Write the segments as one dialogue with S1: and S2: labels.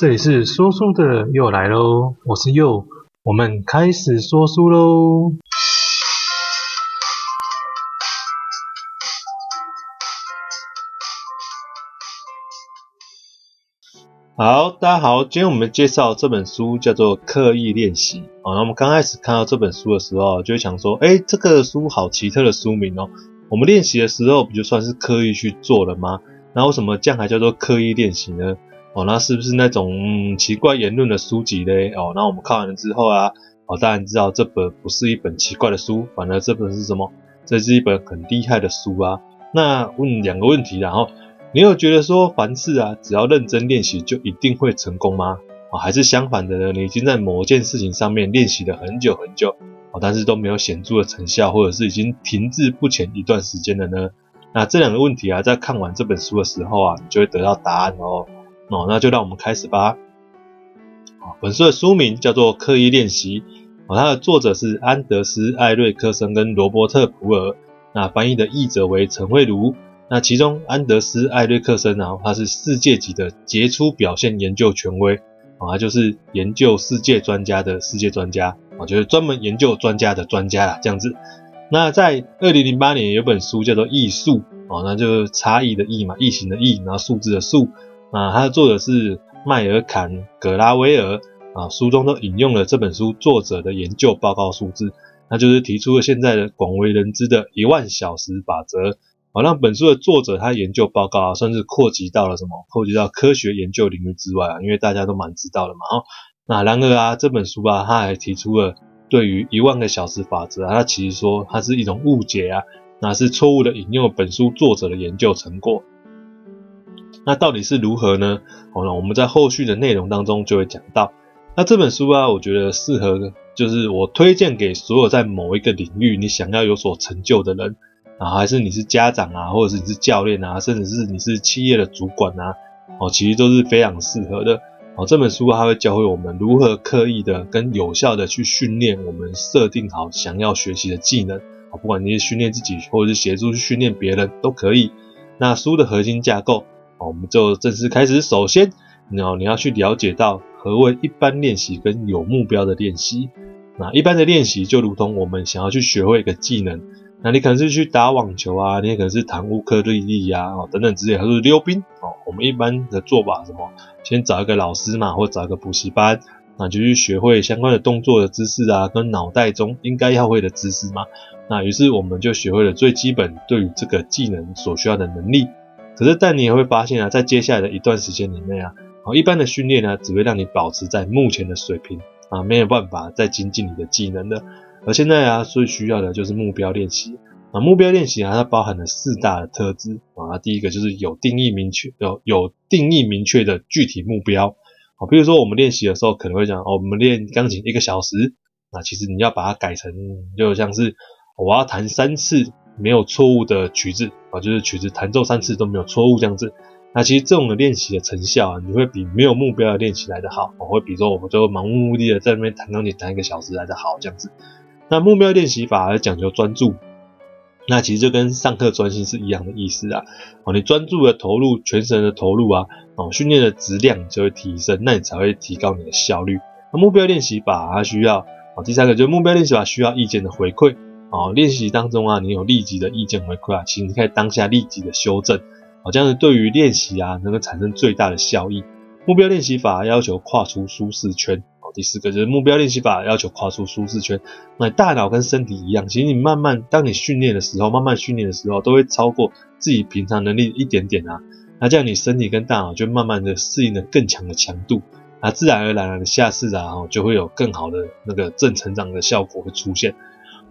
S1: 這裡是說書的又來嘍，我是佑，我們開始說書嘍。好，大家好，今天我們介紹這本書叫做《刻意練習》啊。那我們剛開始看到這本書的時候，就會想說，誒，這個書好奇特的書名哦。我們練習的時候不就算是刻意去做了嗎？那為什麼這樣還叫做刻意練習呢？哦，那是不是那種、嗯、奇怪言論的書籍嘞？哦，那我們看完了之後啊，我、哦、當然知道這本不是一本奇怪的書，反而這本是什麼？這是一本很厲害的書啊。那問兩個問題，然後、哦、你有覺得說凡事啊，只要認真練習就一定會成功嗎、哦？還是相反的呢？你已經在某件事情上面練習了很久很久，哦，但是都沒有顯著的成效，或者是已經停滯不前一段時間了呢？那這兩個問題啊，在看完這本書的時候啊，你就會得到答案哦。哦，那就讓我們開始吧。好，本書的書名叫做《刻意練習》，它的作者是安德斯·艾瑞克森跟羅伯特·普爾，那翻譯的譯者為陳慧茹。那其中，安德斯·艾瑞克森，然後他是世界級的傑出表現研究權威，啊，就是研究世界專家的世界專家，啊，就是專門研究專家的專家啊，這樣子。那在二零零八年有本書叫做《異數》，啊，那就是差異的異嘛，異形的異，然後數字的數。啊，它的作者是麥爾坎·格拉威爾啊，書中都引用了這本書作者的研究報告、數字，那就是提出了現在的廣為人知的一萬小時法則啊。那本書的作者他研究報告啊，算是擴及到了什麼？擴及到科學研究領域之外啊，因為大家都蠻知道的嘛。哦，那然而啊，這本書吧，啊，他還提出了對於一萬個小時法則啊，他其實說他是一種誤解啊，那是錯誤的引用了本書作者的研究成果。那到底是如何呢？好了，我們在後續的內容當中就會講到。那這本書啊，我覺得適合，就是我推薦給所有在某一個領域你想要有所成就的人啊，還是你是家長啊，或者是你是教練啊，甚至是你是企業的主管啊，哦，其實都是非常適合的。哦，這本書它會教會我們如何刻意的跟有效的去訓練我們設定好想要學習的技能。啊，不管你是訓練自己，或者是協助去訓練別人，都可以。那書的核心架構。哦，我們就正式開始。首先，你，哦，你要去了解到何謂一般練習跟有目標的練習。那一般的練習就如同我們想要去學會一個技能，那你可能是去打網球啊，你也可能是彈烏克麗麗呀，哦等等之類，還是溜冰。哦，我們一般的做法什麼？先找一個老師嘛，或找一個補習班，那就去學會相關的動作的知識啊，跟腦袋中應該要會的知識嘛。那於是我們就學會了最基本對於這個技能所需要的能力。可是，但你也會發現啊，在接下來的一段時間裡面啊，一般的訓練呢、啊，只會讓你保持在目前的水平啊，沒有辦法再精進你的技能的。而現在啊，最需要的就是目標練習啊。目標練習啊，它包含了四大的特質啊。第一個就是有定義明確，有有定義明確的具體目標啊。比如說我們練習的時候，可能會講，哦，我們練鋼琴一個小時，那、啊、其實你要把它改成，就像是、哦、我要彈三次沒有錯誤的曲子。啊，就是曲子彈奏三次都沒有錯誤這樣子，那其實這種的練習的成效啊，你會比沒有目標的練習來得好，會比如說我們就盲目目的的在那邊彈鋼琴彈一個小時來得好這樣子。那目標練習法，它講究專注，那其實就跟上課專心是一樣的意思啊。哦，你專注的投入，全神的投入啊，哦，訓練的質量就會提升，那你才會提高你的效率。那目標練習法它需要，哦，第三個就是目標練習法需要意見的回饋。哦，練習當中啊，你有立即的意見回饋啊，其實你可以當下立即的修正，哦，這樣子對於練習啊能夠產生最大的效益。目標練習法要求跨出舒適圈，哦，第四個就是目標練習法要求跨出舒適圈。那大腦跟身體一樣，其實你慢慢當你訓練的時候，慢慢訓練的時候都會超過自己平常能力一點點啊，那這樣你身體跟大腦就慢慢的適應了更強的強度，那自然而然的下次啊，就會有更好的那個正成長的效果會出現。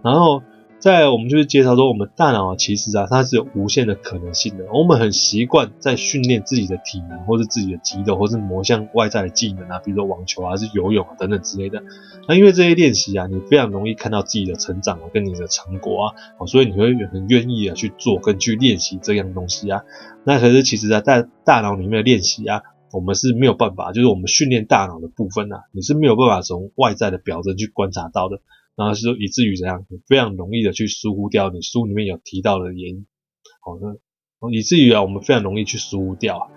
S1: 然後，再我們就是介紹說，我們大腦其實啊，它是有無限的可能性的。我們很習慣在訓練自己的體能，或是自己的肌肉，或是某項外在的技能啊，比如說網球啊，還是游泳啊等等之類的。那因為這些練習啊，你非常容易看到自己的成長啊，跟你的成果啊，所以你會很願意啊去做跟去練習這樣的東西啊。那可是其實啊，在大腦裡面的練習啊，我們是沒有辦法，就是我們訓練大腦的部分啊，你是沒有辦法從外在的表徵去觀察到的。然後是說以至於怎樣，非常容易的去疏忽掉你書裡面有提到的研，好、哦、的，以至於啊，我們非常容易去疏忽掉。啊。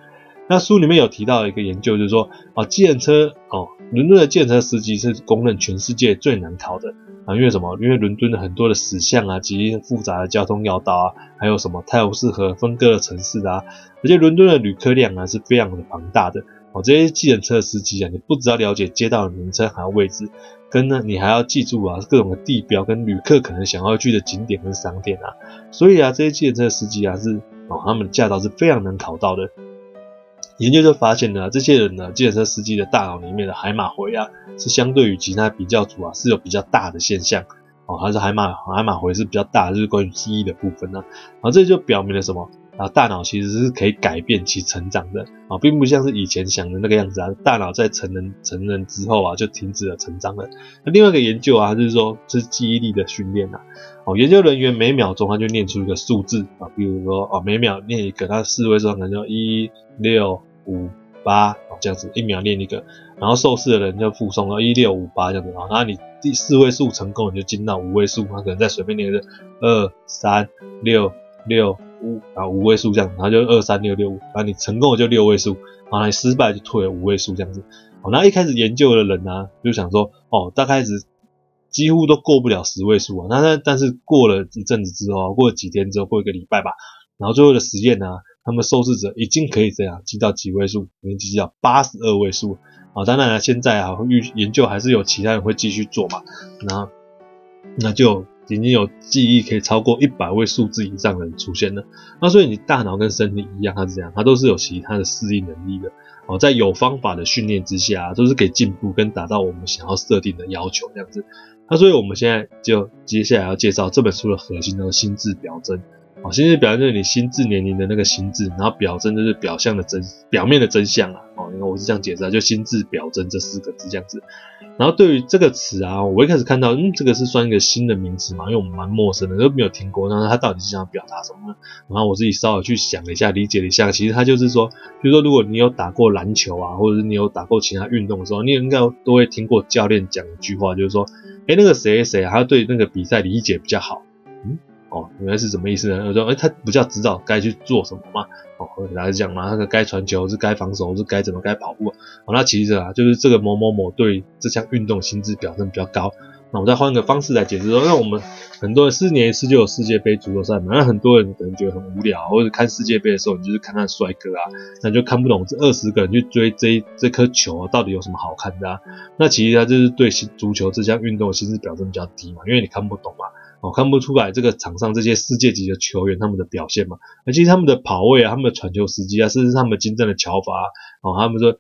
S1: 那書裡面有提到一個研究，就是說啊，計程車哦，倫敦的計程車司機是公認全世界最難考的啊，因為什麼？因為倫敦的很多的死巷啊，及複雜的交通要道啊，還有什麼泰晤士河分割的城市啊，而且倫敦的旅客量啊，是非常的龐大的。哦，這些計程車司機啊，你不知要不只要了解街道的名稱，還有位置，跟呢，你還要記住啊，各種的地標跟旅客可能想要去的景點跟商店啊。所以啊，這些計程車司機啊是哦，他們的駕照是非常難考到的。研究就發現呢，這些人呢，計程車司機的大腦裡面的海馬回啊，是相對於其他比較組啊，是有比較大的現象。哦，還是海馬海馬回是比較大，就是關於記憶的部分呢。啊，哦、這就表明了什麼？啊，大腦其實是可以改變其成長的啊，並不像是以前想的那個樣子啊。大腦在成人成人之後啊，就停止了成長了。那另外一個研究啊，就是說這是記憶力的訓練啊。哦、啊啊，研究人員每秒鐘他就念出一個數字啊，比如說啊，每秒念一個，他四位數可能就一六五八哦這樣子，一秒念一個，然後受試的人就複誦到一六五八這樣子啊，然後你第四位數成功你就進到五位數，他可能再隨便念個二三六六。五啊，五位數這樣，然後就二三六六五，然後你成功了就六位數，然後你失敗就退了五位數這樣子。哦，那一開始研究的人呢、啊，就想說，哦，大概是幾乎都過不了十位數啊。那那但是過了一陣子之後、啊，過了幾天之後，過一個禮拜吧，然後最後的實驗呢、啊，他們受試者已經可以這樣記到幾位數，已經記到八十二位數。啊，當然了，現在啊，研究還是有其他人會繼續做嘛。那那就。已經有記憶可以超過一百位數字以上的人出現了。那所以你大腦跟身體一樣，它是這樣，它都是有其他的適應能力的。哦，在有方法的訓練之下，都是可以進步跟達到我們想要設定的要求這樣子。那所以我們現在就接下來要介紹這本書的核心呢，心智表徵。哦，心智表徵就是你心智年齡的那個心智，然後表徵就是表象的真，表面的真相啊。哦，因為我是這樣解釋啊，就心智表徵這四個字這樣子。然後對於這個詞啊，我一開始看到，嗯，這個是算一個新的名詞嘛，因為我們蠻陌生的，都沒有聽過。然後他到底是想要表達什麼呢？然後我自己稍微去想一下，理解一下，其實他就是說，比如說如果你有打過籃球啊，或者是你有打過其他運動的時候，你也應該都會聽過教練講一句話，就是說，欸，那個誰誰啊，他對那個比賽理解比較好。哦，原來是什麼意思呢？我、就是、說，哎、欸，他不叫指導該去做什麼嗎？哦，大家講嘛？他的該傳球是該防守是該怎麼該跑步？好、哦，那其實啊，就是這個某某某對這項運動心智表徵比較高。那我再換個方式來解釋說，那我們很多人，四年一次就有世界杯足球賽嘛，那很多人可能覺得很無聊，或者看世界杯的時候，你就是看看帥哥啊，那你就看不懂這二十個人去追這這顆球啊，到底有什麼好看的啊。那其實他就是對足足球這項運動的心智表徵比較低嘛，因為你看不懂嘛。哦，看不出來這個場上這些世界級的球員他們的表現嘛，而且他們的跑位啊，他們的傳球時機啊，甚至他們精湛的球法啊，哦，他們說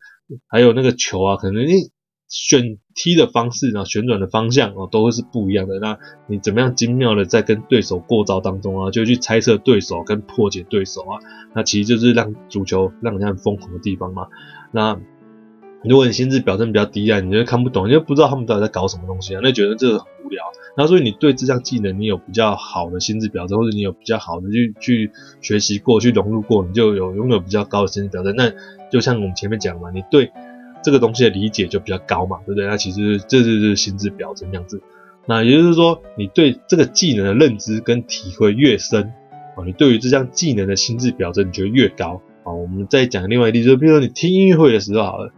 S1: 還有那個球啊，可能你選踢的方式啊，旋轉的方向哦，啊，都會是不一樣的。那你怎麼樣精妙的在跟對手過招當中啊，就去猜測對手啊，跟破解對手啊，那其實就是讓足球讓人家很瘋狂的地方嘛。那。如果你心智表徵比較低啊，你就看不懂，你就不知道他們到底在搞什麼東西啊，那就覺得這個很無聊。那所以你對這項技能，你有比較好的心智表徵，或者你有比較好的去去學習過去融入過，你就有擁有比較高的心智表徵。那就像我們前面講嘛，你對這個東西的理解就比較高嘛，對不對？那其實這、就是就是、就是心智表徵這樣子。那也就是說，你對這個技能的認知跟體會越深啊，你對於這項技能的心智表徵你覺得越高啊。我們再講另外一例，就比如說你聽音樂會的時候.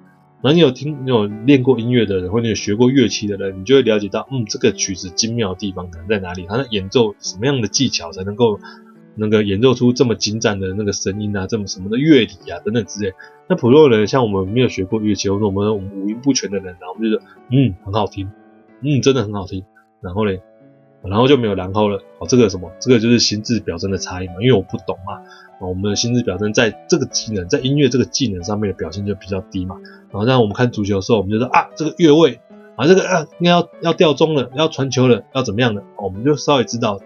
S1: 然後你有聽、你有練過音樂的人，或者你有學過樂器的人，你就會了解到，嗯，這個曲子精妙的地方可能在哪裡，他演奏什麼樣的技巧才能夠那個演奏出這麼精湛的那個聲音啊，這麼什麼的樂理啊等等之類。那普通人像我們沒有學過樂器，或者我們我們五音不全的人，然後我們就說，嗯，很好聽，嗯，真的很好聽。然後呢？然後就沒有然後了哦，這個什麼，這個就是心智表徵的差異嘛，因為我不懂嘛，哦，我們的心智表徵在這個技能，在音樂這個技能上面的表現就比較低嘛，然啊，那我們看足球的時候，我們就說啊，這個越位，啊，這個啊應該要要吊中了，要傳球了，要怎麼樣的，哦，我們就稍微知道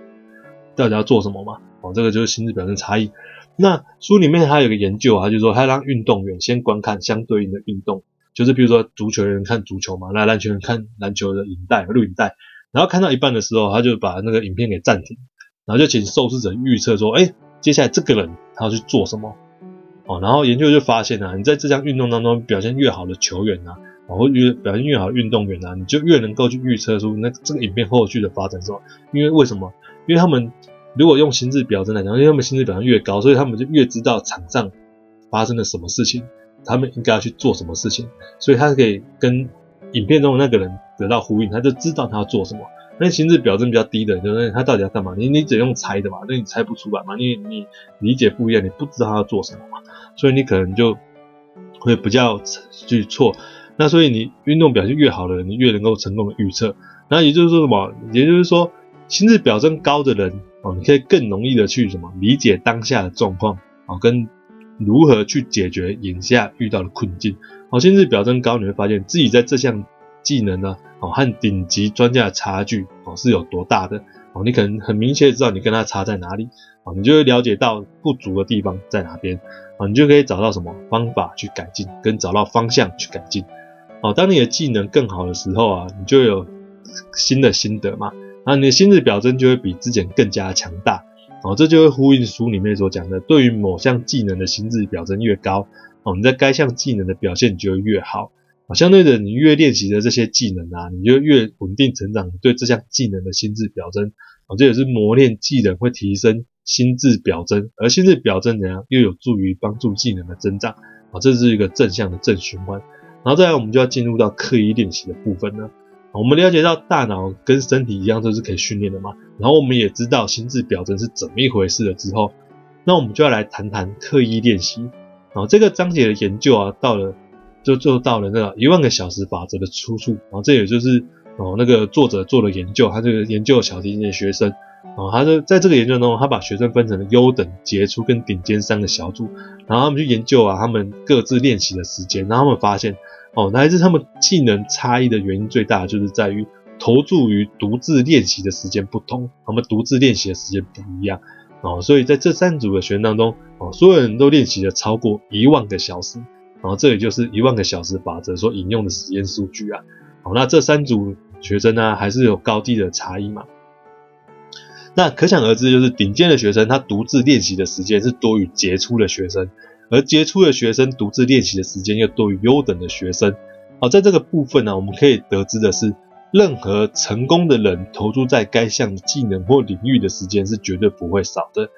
S1: 到底要做什麼嘛，哦，這個就是心智表徵差異。那書裡面還有一個研究啊，它就是說他讓運動員先觀看相對應的運動，就是比如說足球人看足球嘛，那籃球人看籃球的影帶、錄影帶。然後看到一半的時候，他就把那個影片給暫停，然後就請受試者預測說，哎，接下來這個人他要去做什麼？哦，然後研究就發現啊，你在這項運動當中表現越好的球員啊，然後越表現越好的運動員啊，你就越能夠去預測出那這個影片後續的發展什麼？因為為什麼？因為他們如果用心智表徵來講，因為他們心智表徵越高，所以他們就越知道場上發生了什麼事情，他們應該要去做什麼事情，所以他可以跟。影片中那個人得到呼應，他就知道他要做什麼。那心智表徵比較低的人，就是他到底要幹嘛？你你只用猜的嘛，那你猜不出來嘛，因為你理解不一樣，你不知道他要做什麼嘛，所以你可能就會比較去錯。那所以你運動表現越好的人，你越能夠成功的預測。那也就是說什麼？也就是說，心智表徵高的人啊，哦，你可以更容易的去什麼理解當下的狀況啊，跟。如何去解決眼下遇到的困境？好、哦，心智表徵高，你會發現自己在這項技能呢，哦，和頂級專家的差距哦是有多大的哦，你可能很明確知道你跟他差在哪裡啊、哦，你就會了解到不足的地方在哪邊啊、哦，你就可以找到什麼方法去改進，跟找到方向去改進。哦，當你的技能更好的時候啊，你就有新的心得嘛，那你的心智表徵就會比之前更加強大。哦，這就會呼應書裡面所講的，對於某項技能的心智表徵越高，哦，你在該項技能的表現就會越好。哦，相對的，你越練習的這些技能啊，你就越穩定成長，你對這項技能的心智表徵，哦，這也是磨練技能會提升心智表徵，而心智表徵怎樣又有助於幫助技能的增長，啊、哦，這是一個正向的正循環。然後再來，我們就要進入到刻意練習的部分呢。我們了解到大腦跟身體一樣都是可以訓練的嘛，然後我們也知道心智表徵是怎麼一回事了之後，那我們就要來談談刻意練習。啊，這個章節的研究啊，到了就就到了那個一萬個小時法則的出處。然後這也就是哦那個作者做了研究，他這個研究小提琴的學生啊，然後他在這個研究中，他把學生分成了優等、傑出跟頂尖三個小組，然後他們去研究啊他們各自練習的時間，然後他們發現。哦，還是他們技能差異的原因最大就是在於投注於獨自練習的時間不同，他們獨自練習的時間不一樣，哦，所以在這三組的學生當中，哦，所有人都練習了超過一萬個小時，哦，這也就是一萬個小時法則所引用的實驗數據啊，哦，那這三組學生呢，還是有高低的差異嘛，那可想而知，就是頂尖的學生他獨自練習的時間是多於傑出的學生。而傑出的學生，獨自練習的時間又多於優等的學生。好，在這個部分呢，我們可以得知的是，任何成功的人投入在該項技能或領域的時間是絕對不會少的。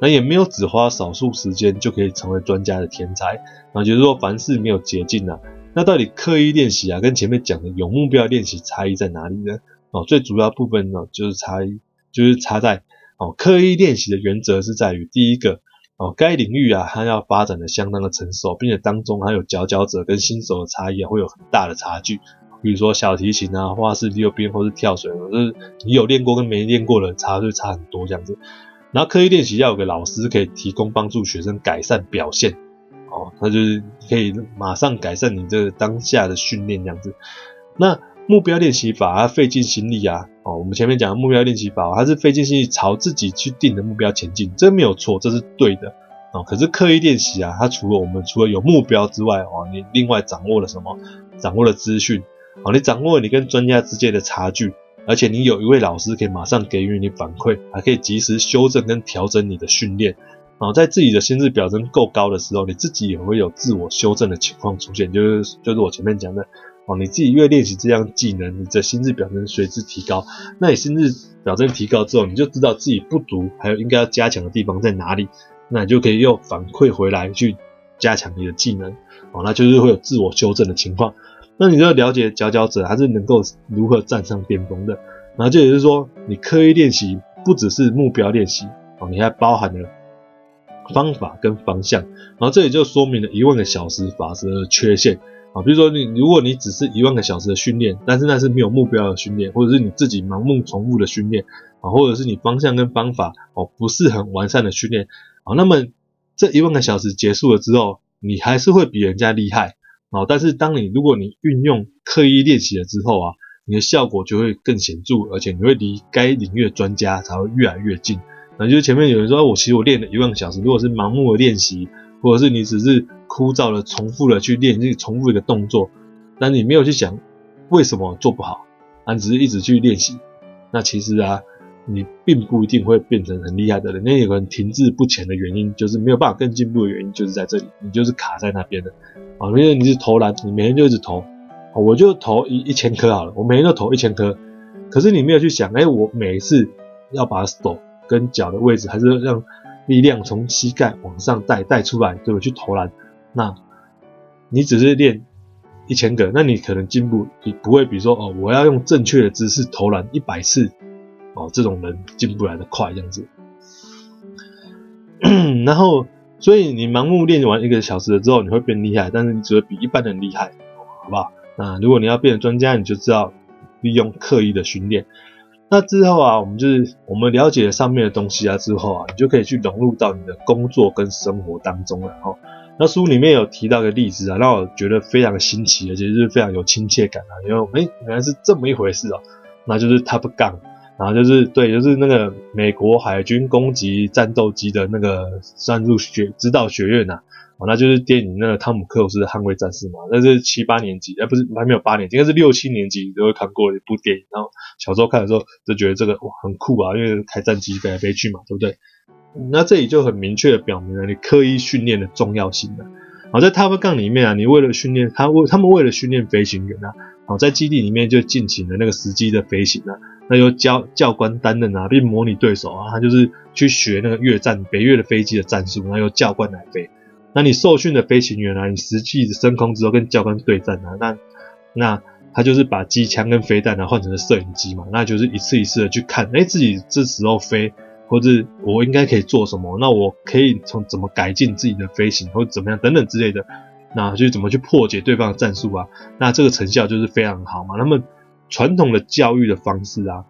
S1: 那也沒有只花少數時間就可以成為專家的天才。那就是說，凡事沒有捷徑呐。那到底刻意練習啊，跟前面講的有目標練習差異在哪裡呢？哦，最主要部分呢，就是差異，就是差在哦，刻意練習的原則是在於第一個。哦，該領域啊，它要發展的相當的成熟，並且當中還有佼佼者跟新手的差異啊，會有很大的差距。比如說小提琴啊，或是溜冰，或是跳水，就是你有練過跟沒練過的人差距差很多這樣子。然後刻意練習要有個老師可以提供幫助學生改善表現。哦，那就是可以馬上改善你這個當下的訓練這樣子。那目標練習法啊，它費盡心力啊！哦，我們前面講的目標練習法啊，它是費盡心力朝自己去定的目標前進，這沒有錯，這是對的。哦，可是刻意練習啊，它除了我們除了有目標之外，哦，你另外掌握了什麼？掌握了資訊，哦，你掌握了你跟專家之間的差距，而且你有一位老師可以馬上給予你反饋，還可以及時修正跟調整你的訓練。哦，在自己的心智表徵夠高的時候，你自己也會有自我修正的情況出現，就是就是我前面講的。哦，你自己越練習這項技能，你的心智表徵隨之提高。那你心智表徵提高之後，你就知道自己不足，還有應該要加強的地方在哪裡。那你就可以用反饋回來去加強你的技能。哦，那就是會有自我修正的情況。那你就要了解佼佼者，他是能夠如何站上巔峰的。然後這也就是說，你刻意練習不只是目標練習，哦，你還包含了方法跟方向。然後這也就說明了一萬個小時法則的缺陷。比如說你，如果你只是一萬個小時的訓練，但是那是沒有目標的訓練，或者是你自己盲目重複的訓練啊，或者是你方向跟方法哦不是很完善的訓練啊，那麼這一萬個小時結束了之後，你還是會比人家厲害啊。但是當你如果你運用刻意練習了之後啊，你的效果就會更顯著，而且你會離該領域的專家才會越來越近。那就是前面有人說，我其實我練了一萬個小時，如果是盲目的練習。或者是你只是枯燥的、重複的去練，這個重複一個動作，但你沒有去想為什麼做不好，而、啊、只是一直去練習，那其實啊，你並不一定會變成很厲害的人。那有可能停滯不前的原因，就是沒有辦法更進步的原因，就是在這裡，你就是卡在那邊的。啊。例如你是投籃，你每天就一直投，我就投一一千顆好了，我每天都投一千顆，可是你沒有去想，哎、欸，我每一次要把手跟腳的位置還是讓。力量從膝蓋往上帶帶出來，對不對？去投籃，那你只是練一千個，那你可能進步你不會比說，哦，我要用正確的姿勢投籃一百次，哦，這種人進步來得快，這樣子。 然後，所以你盲目練完一個小時之後，你會變厲害，但是你只會比一般人厲害，好不好？那如果你要變成專家，你就知道利用刻意的訓練。那之後啊，我們就是我們了解了上面的東西啊之後啊，你就可以去融入到你的工作跟生活當中了哦。那書裡面有提到一個例子啊，讓我覺得非常新奇的，其實是非常有親切感啊，因為哎、欸、原來是這麼一回事哦。那就是 Top Gun，然後就是對，就是那個美國海軍攻擊戰鬥機的那個戰術學指導學院吶、啊。哦，那就是電影那個《湯姆·克魯斯的捍衛戰士》嘛，那是七八年級，哎、啊，不是還沒有八年級，應該是六七年級都會看過一部電影。然後小時候看的時候就覺得這個哇很酷啊，因為開戰機飛來飛去嘛，對不對、嗯？那這裡就很明確的表明了你刻意訓練的重要性了。好，在 Top Gun 裡面啊，你為了訓練，他為他們為了訓練飛行員啊，好在基地裡面就進行了那個實際的飛行啊，那由教教官擔任啊，並模擬對手啊，他就是去學那個越戰北越的飛機的戰術，然後由教官來飛。那你受訓的飛行員啊，你實際升空之後跟教官對戰啊，那那他就是把機槍跟飛彈啊換成了攝影機嘛，那就是一次一次的去看，哎、欸，自己這時候飛，或者我應該可以做什麼？那我可以從怎麼改進自己的飛行或者怎麼樣等等之類的，那就怎麼去破解對方的戰術啊？那這個成效就是非常好嘛。那麼傳統的教育的方式啊。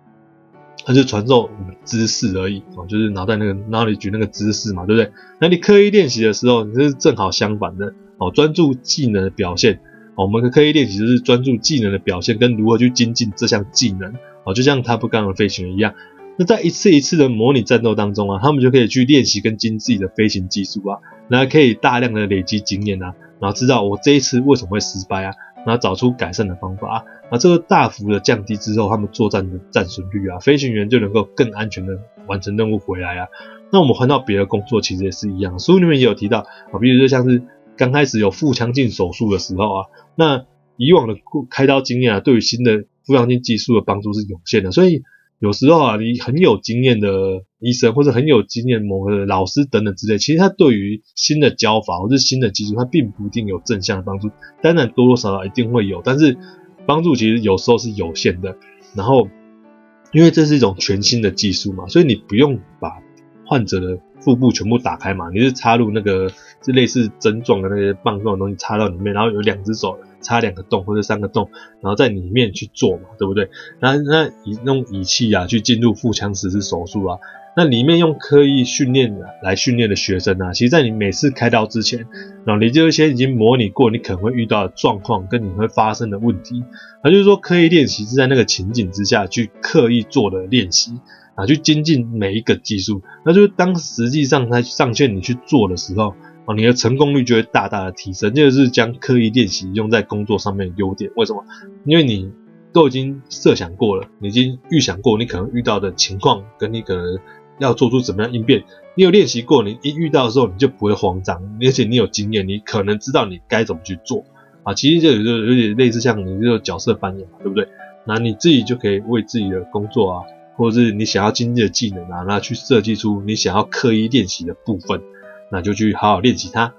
S1: 他就傳授我們知識而已啊，就是腦袋那個 knowledge 那個知識嘛，對不對？那你刻意練習的時候，你是正好相反的，哦，專注技能的表現。我們的刻意練習就是專注技能的表現，跟如何去精進這項技能。哦，就像 Top Gun 的飛行員一樣，那在一次一次的模擬戰鬥當中啊，他們就可以去練習跟精進自己的飛行技術啊，然後可以大量的累積經驗啊，然後知道我這一次為什麼會失敗啊。那找出改善的方法，那這個大幅的降低之後，他們作戰的戰損率啊，飛行員就能夠更安全的完成任務回來啊。那我們換到別的工作，其實也是一樣。書裡面也有提到啊，比如說像是剛開始有腹腔鏡手術的時候啊，那以往的開刀經驗啊，對於新的腹腔鏡技術的幫助是有限的，所以。有時候啊，你很有經驗的醫生，或者很有經驗某個老師等等之類，其實他對於新的教法或者新的技術，他並不一定有正向的幫助。當然多多少少一定會有，但是幫助其實有時候是有限的。然後，因為這是一種全新的技術嘛，所以你不用把患者的。腹部全部打開嘛，你是插入那個是類似針狀的那些棒狀的東西插到裡面，然後有兩隻手插兩個洞或者三個洞，然後在裡面去做嘛，對不對？那那用儀器啊去進入腹腔實施手術啊。那裡面用刻意訓練的來訓練的學生啊，其實，在你每次開刀之前，啊，你就先已經模擬過你可能會遇到的狀況跟你會發生的問題，那就是說，刻意練習是在那個情景之下去刻意做的練習啊，然後去精進每一個技術，那就是當實際上他上線你去做的時候，啊，你的成功率就會大大的提升，這就是將刻意練習用在工作上面的優點。為什麼？因為你都已經設想過了，你已經預想過你可能遇到的情況跟你可能。要做出怎麼樣應變？你有練習過，你一遇到的時候你就不會慌張，而且你有經驗，你可能知道你該怎麼去做。啊，其實就有點類似像你這個角色扮演嘛，對不對？那你自己就可以為自己的工作啊，或者是你想要精進的技能啊，那去設計出你想要刻意練習的部分，那就去好好練習它。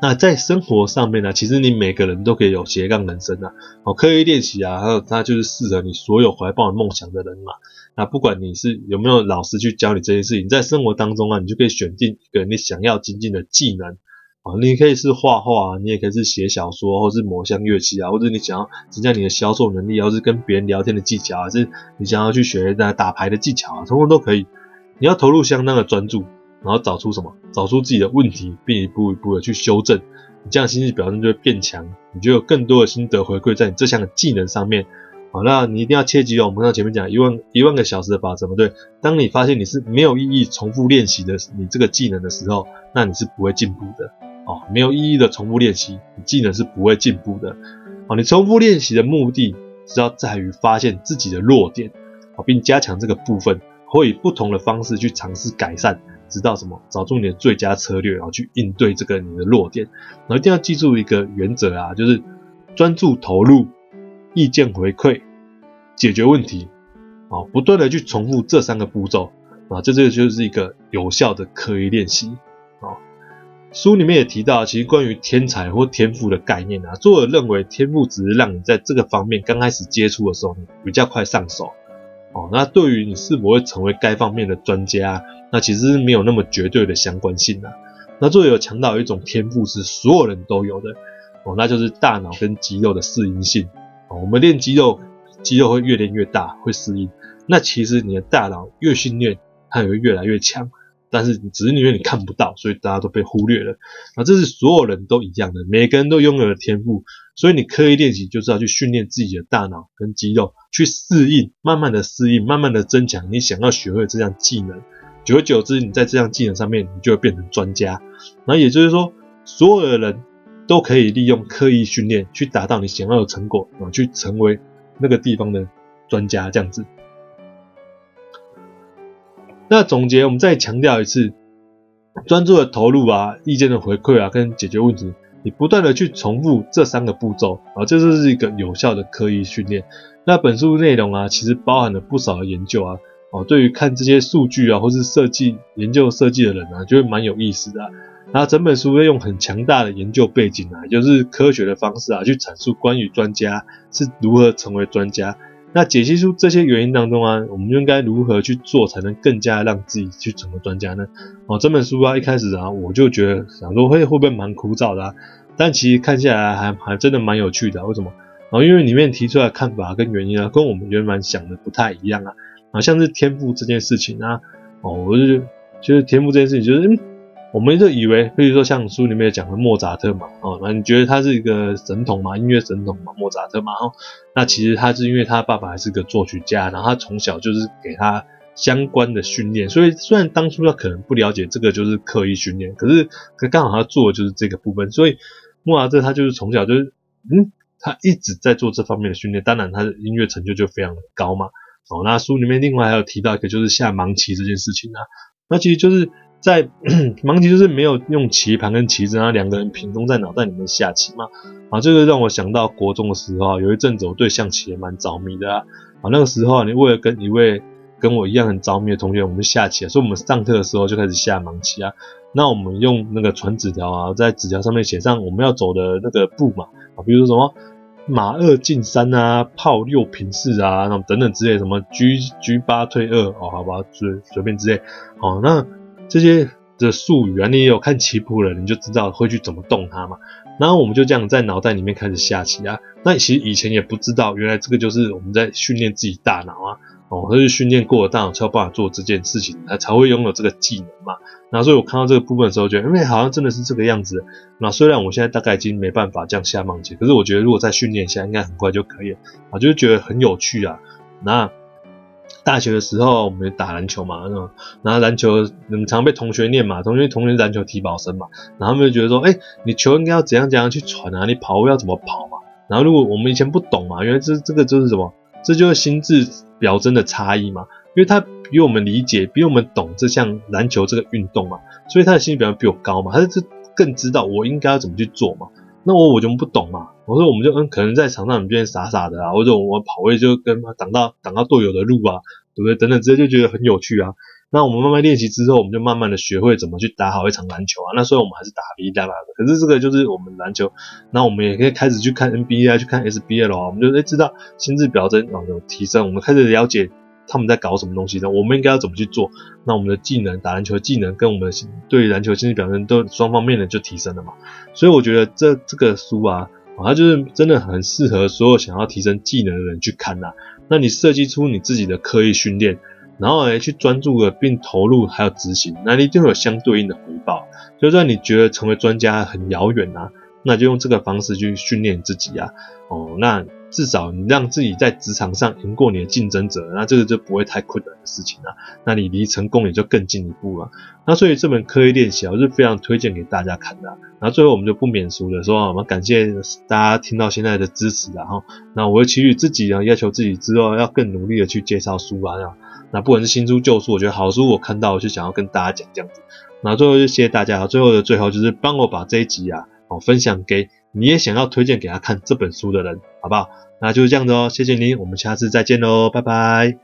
S1: 那在生活上面呢，其實你每個人都可以有斜槓人生啊，哦，刻意練習啊，還有它就是適合你所有懷抱夢想的人嘛。那不管你是有沒有老師去教你這些事情，在生活當中啊，你就可以選定一個你想要精進的技能。啊，你可以是畫畫，你也可以是寫小說，或是某項樂器啊，或者你想要增加你的銷售能力，或是跟別人聊天的技巧啊，還是，你想要去學人家打牌的技巧啊，通通都可以。你要投入相當的專注，然後找出什麼？找出自己的問題，並一步一步的去修正，你這樣心智表徵就會變強，你就有更多的心得回饋在你這項的技能上面。好，那你一定要切記哦，我們上前面講一萬一萬個小時的法則，對，當你發現你是沒有意義重複練習的你這個技能的時候，那你是不會進步的哦，沒有意義的重複練習，你技能是不會進步的。好、哦，你重複練習的目的是要在於發現自己的弱點，哦、並加強這個部分，或以不同的方式去嘗試改善。知道什麼？找出你的最佳策略，啊，然後去應對這個你的弱點。然後一定要記住一個原則啊，就是專注投入，意見回饋，解決問題，啊，不斷的去重複這三個步驟，啊，這這個就是一個有效的刻意練習。啊，書裡面也提到，其實關於天才或天賦的概念啊，作者認為天賦只是讓你在這個方面剛開始接觸的時候，你比較快上手。哦，那對於你是否會成為該方面的專家，那其實是沒有那麼絕對的相關性吶、啊。那最有強大的一種天賦是所有人都有的，哦，那就是大腦跟肌肉的適應性。哦，我們練肌肉，肌肉會越練越大，會適應。那其實你的大腦越訓練，它也會越來越強。但是只是因為你看不到，所以大家都被忽略了。那這是所有人都一樣的，每個人都擁有的天賦。所以你刻意練習，就是要去訓練自己的大腦跟肌肉，去適應，慢慢的適應，慢慢的增強。你想要學會這項技能，久而久之，你在這項技能上面，你就會變成專家。那也就是說，所有的人都可以利用刻意訓練去達到你想要的成果，然後去成為那個地方的專家，這樣子。那總結，我們再強調一次，專注的投入啊，意見的回饋啊，跟解決問題，你不斷的去重複這三個步驟啊，這就是一個有效的刻意訓練。那本書內容啊，其實包含了不少的研究啊，哦、啊，對於看這些數據啊，或是設計研究設計的人呢、啊，就會蠻有意思的、啊。然後整本書會用很強大的研究背景啊，也就是科學的方式啊，去闡述關於專家是如何成為專家。那解析出這些原因當中啊，我們就應該如何去做，才能更加讓自己去成為專家呢？哦，這本書啊，一開始啊，我就覺得想說會會不會蠻枯燥的啊，但其實看下來還還真的蠻有趣的、啊。為什麼？哦，因為裡面提出來看法跟原因啊，跟我們原本想的不太一樣啊，好、啊、像是天賦這件事情啊，哦，我就覺得、就是、天賦這件事情就是。嗯我們就以為，比如說像書裡面講的莫扎特嘛，哦，那你覺得他是一個神童嘛，音樂神童嘛，莫扎特嘛，哦，那其實他是因為他爸爸還是個作曲家，然後他從小就是給他相關的訓練，所以雖然當初他可能不了解這個就是刻意訓練，可是剛好他做的就是這個部分，所以莫扎特他就是從小就是，嗯，他一直在做這方面的訓練，當然他的音樂成就就非常的高嘛，哦，那書裡面另外還有提到一個就是下盲棋這件事情啊。那其實就是。在 盲棋就是沒有用棋盤跟棋子啊，兩個人憑空在腦袋裡面下棋嘛，啊，這、就、個、是、讓我想到國中的時候，有一陣子我對象棋也蠻着迷的啊，啊，那個時候啊，你為了跟一位跟我一樣很着迷的同學，我們就下棋啊，所以我們上課的時候就開始下盲棋啊，那我們用那個傳紙條啊，在紙條上面寫上我們要走的那個步嘛，啊，比如說什麼馬二進三啊，炮六平四啊，那種等等之類，什麼車車八退二哦、啊，好吧，隨隨便之類，好、啊，那。這些的術語啊，你也有看棋譜了，你就知道會去怎麼動它嘛。然後我們就這樣在腦袋裡面開始下棋啊。那其實以前也不知道，原來這個就是我們在訓練自己大腦啊，哦，要、就、去、是、訓練過的大腦才有辦法做這件事情，才才會擁有這個技能嘛。然、啊、後所以我看到這個部分的時候，覺得因為好像真的是這個樣子。那、啊、雖然我現在大概已經沒辦法這樣下盲棋，可是我覺得如果再訓練一下，應該很快就可以了啊，就是、覺得很有趣啊。那。大學的時候，我們打籃球嘛，然後籃球我們常被同學念嘛，同學同學籃球體保生嘛，然後他們就覺得說，哎、欸，你球應該要怎樣怎樣去傳啊，你跑步要怎麼跑嘛，然後如果我們以前不懂嘛，因為這這個就是什麼，這就是心智表徵的差異嘛，因為他比我們理解，比我們懂，這項籃球這個運動嘛，所以他的心智表徵比我高嘛，他就更知道我應該要怎麼去做嘛，那我我就不懂嘛。我說我們就嗯，可能在場上你變傻傻的啊，或者我們跑位就跟擋到擋到隊友的路啊，對不對？等等，直接就覺得很有趣啊。那我們慢慢練習之後，我們就慢慢的學會怎麼去打好一場籃球啊。那所以我們還是打比一 l 的，可是這個就是我們籃球，那我們也可以開始去看 NBA 啊，去看 SBL 啊，我們就哎、欸、知道心智表徵啊有提升，我們開始了解他們在搞什麼東西，我們應該要怎麼去做。那我們的技能，打籃球的技能跟我們對籃球心智表徵都雙方面的就提升了嘛。所以我覺得這這個書啊。它、啊、就是真的很適合所有想要提升技能的人去看吶、啊。那你設計出你自己的刻意訓練，然後來去專注的並投入還有執行，那你就會有相對應的回報。就算你覺得成為專家很遙遠吶。那就用這個方式去訓練自己啊，哦，那至少你讓自己在職場上贏過你的競爭者，那這個就不會太困難的事情啊，那你離成功也就更進一步了。那所以這本刻意練習啊，我是非常推薦給大家看的啊。然後最後我們就不免俗的說，我們感謝大家聽到現在的支持啊。然後，那我會期許自己呢，要求自己之後要更努力的去介紹書啊。那不管是新書舊書，我覺得好書我看到我就想要跟大家講這樣子。那最後就謝謝大家。最後的最後就是幫我把這一集啊。好，分享給你也想要推薦給他看這本書的人，好不好？那就是這樣子哦，謝謝您，我們下次再見嘍，拜拜。